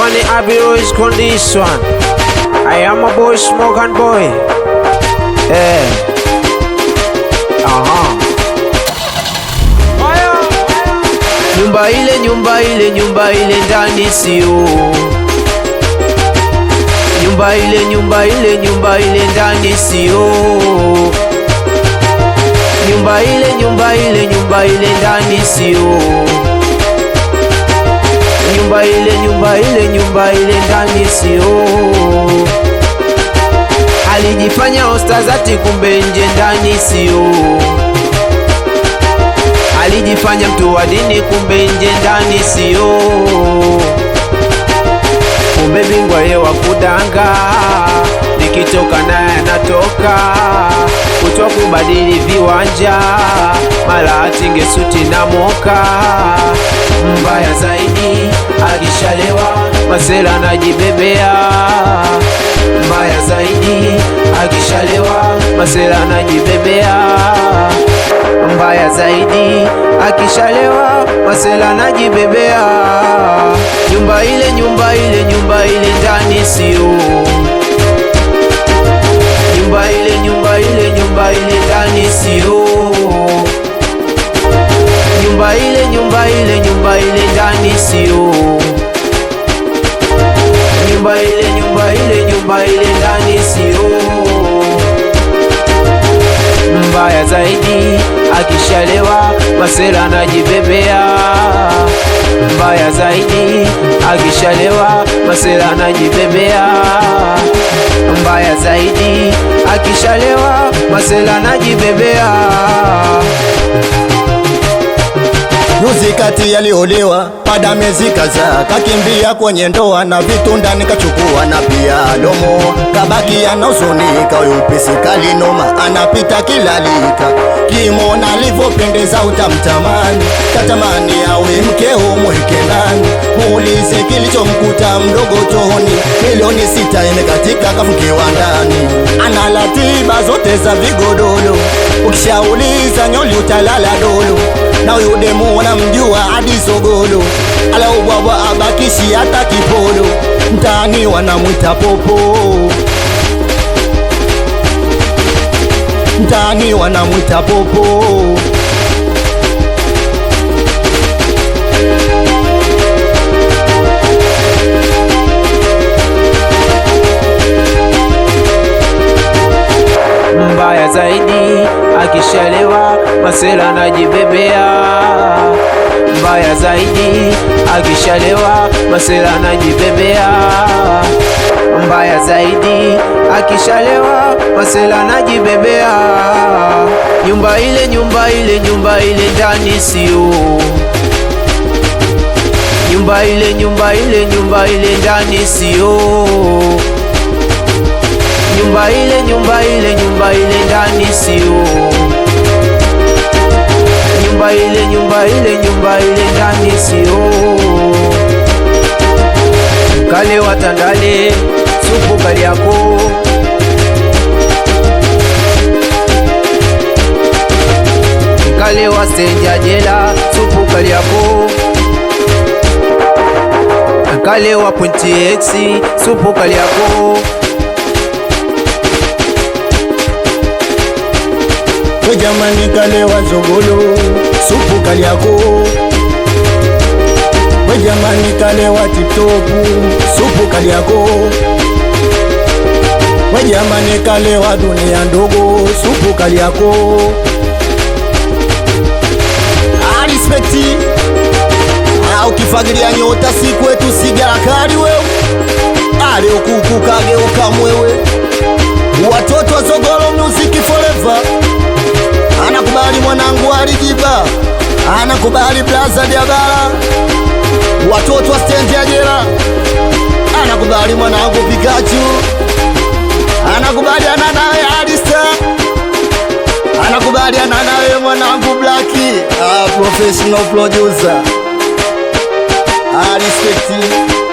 one the Abbey this one. I am a boy, smoking boy. Yeah. Eh. Uh huh. Nyumba ile, nyumba ile, nyumba ile ndani sio. Nyumba ile, nyumba ile, nyumba ile ndani sio. Nyumba ile, nyumba ile, nyumba ile ndani sio. Nyumba ile nyumba ile, nyumba ile ndani sio, alijifanya ostazati kumbe nje ndani sio, alijifanya mtu wa dini kumbe nje ndani sio, kumbe bingwa ye wa kudanga, nikitoka naye anatoka kutwa kubadili viwanja, mala atinge suti na moka Masela anajibebea mbaya zaidi, akishalewa Masela anajibebea mbaya zaidi, akishalewa Masela anajibebea. Nyumba ile nyumba ile nyumba ile ndani sio nyumba ile nyumba ile nyumba ile ndani sio nyumba ile nyumba ile nyumba ile ndani sio nyumba ile nyumba ile nyumba ile ndani sio mbaya zaidi, akishalewa masela anajibebea. Mbaya zaidi, akishalewa masela anajibebea. Mbaya zaidi, akishalewa masela anajibebea. Bahati pada mezi kaza, kakimbia kwenye ndoa na vitu ndani kachukua na pia domo kabaki anosonika, uyupisi kalinoma anapita kilalika, kimona alivyopendeza utamtamani, tatamani awe mkeo mweke ndani, muulize kilichomkuta mdogo tohoni, milioni sita imekatika kafukiwa ndani, ana ratiba zote za vigodoro, ukishauliza nyoli utalala dolo na huyo demu wanamjua hadi Sogolo, ala ubwabwa abakishi hata kipolo, mtaani wanamwita popo, mtaani wanamwita popo. Mbaya zaidi akishalewa masela najibebea, mbaya zaidi akishalewa masela najibebea, mbaya zaidi akishalewa masela najibebea. Nyumba ile nyumba ile nyumba ile ndani sio nyumba ile nyumba ile nyumba ile ndani sio nyumba ile nyumba ile nyumba ile ndani sio nyumba ile nyumba ile nyumba ile ndani sio oh. kale watandale supu kali yako kale wasenja jela supu kali yako kale wa pointi x supu kali yako jamani kale wa zogolo kaliako wejamani kale wa tiptopu supu kaliako wejamani kale wa dunia ndogo supu kaliako arispekti aukifagilia ah, nyota siku etu sigala kali wewe ale ah, ukuku kageuka mwewe watoto wa zogoro muziki forever anakubali mwanangu alijiba anakubali plaza biadhara, watoto wa stendi ya jela, anakubali mwanangu Pikachu, anakubali ananawe Alista, anakubali ananawe mwanangu Blaki, ah, professional producer, ah, respect